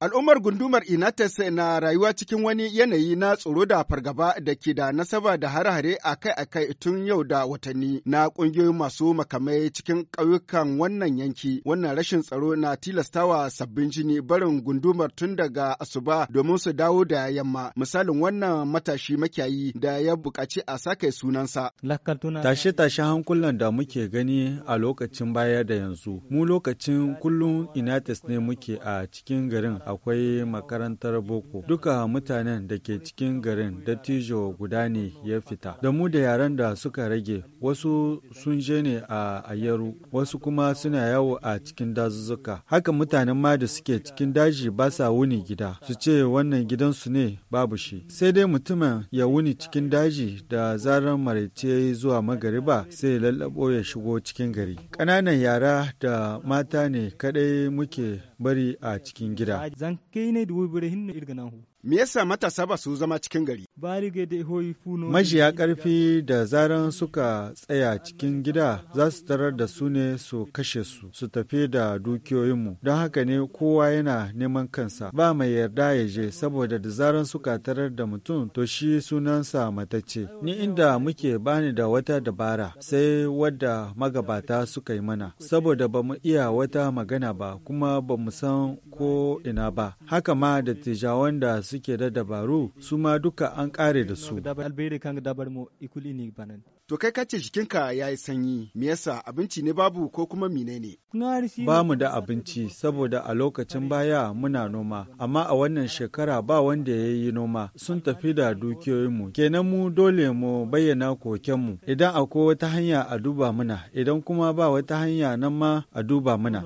Al'ummar gundumar Inates na rayuwa cikin wani yanayi na tsoro da fargaba da ke da nasaba da hare kai-a kai tun yau da watanni na ƙungiyoyin masu makamai cikin ƙauyukan wannan yanki. Wannan rashin tsaro na tilastawa sabbin jini barin gundumar tun daga asuba domin su dawo da yamma. Misalin wannan matashi makiyayi da ya buƙaci a sake sunansa. Tashe-tashe hankulan da muke gani a lokacin baya da yanzu. Mu lokacin kullum Inates ne muke a cikin garin akwai makarantar boko duka mutanen da ke cikin garin dattijo guda ne ya fita da mu da yaren da suka rage wasu sun je ne a ayaru wasu kuma suna yawo a cikin dazuzzuka haka mutanen ma da suke cikin daji ba sa wuni gida su ce wannan gidansu ne babu shi sai dai mutumin ya wuni cikin daji da zarar maraice zuwa magariba sai lallabo ya shigo cikin gari ƙananan yara da mata ne kadai muke bari a cikin gida. zan kai ne dubu birnin ne na irga nahu. Me yasa matasa ba su zama cikin gari? Majiya ƙarfi da zaran suka tsaya cikin gida za su tarar da su ne su kashe su, su tafi da dukiyoyinmu. Don haka ne kowa yana neman kansa. Ba mai yarda ya je saboda da zaran suka tarar da mutum to shi sunansa matacce. Ni inda muke bani da wata dabara sai wadda magabata suka yi mana. Saboda ba mu iya wata magana ba kuma ba mu san ko ina ba. Haka ma da da su suke da dabaru su ma duka an kare da su. To kai kace jikinka ya yi sanyi, me yasa abinci ne babu ko kuma menene? Ba mu da abinci saboda a lokacin baya muna noma, amma a wannan shekara ba wanda ya yi noma sun tafi da dukiyoyinmu. Kenan mu dole mu bayyana kokenmu idan akwai wata hanya a duba muna, idan kuma ba wata hanya nan ma a duba muna.